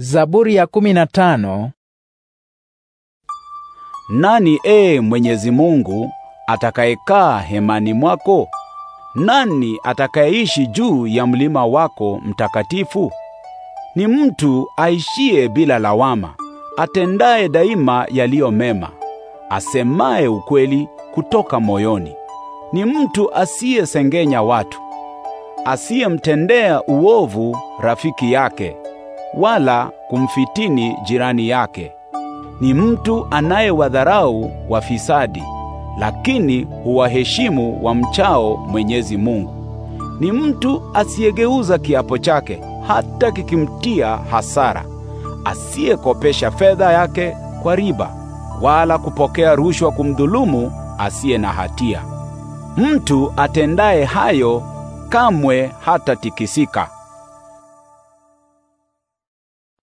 Zaburi ya kumi na tano. Nani ee Mwenyezi Mungu atakayekaa hemani mwako? Nani atakayeishi juu ya mlima wako mtakatifu? Ni mtu aishie bila lawama, atendaye daima yaliyo mema, asemaye ukweli kutoka moyoni. Ni mtu asiyesengenya watu, asiyemtendea uovu rafiki yake wala kumfitini jirani yake. Ni mtu anayewadharau wafisadi, lakini huwaheshimu wamchao Mwenyezi Mungu. Ni mtu asiyegeuza kiapo chake hata kikimtia hasara, asiyekopesha fedha yake kwa riba, wala kupokea rushwa kumdhulumu asiye na hatia. Mtu atendaye hayo kamwe hatatikisika.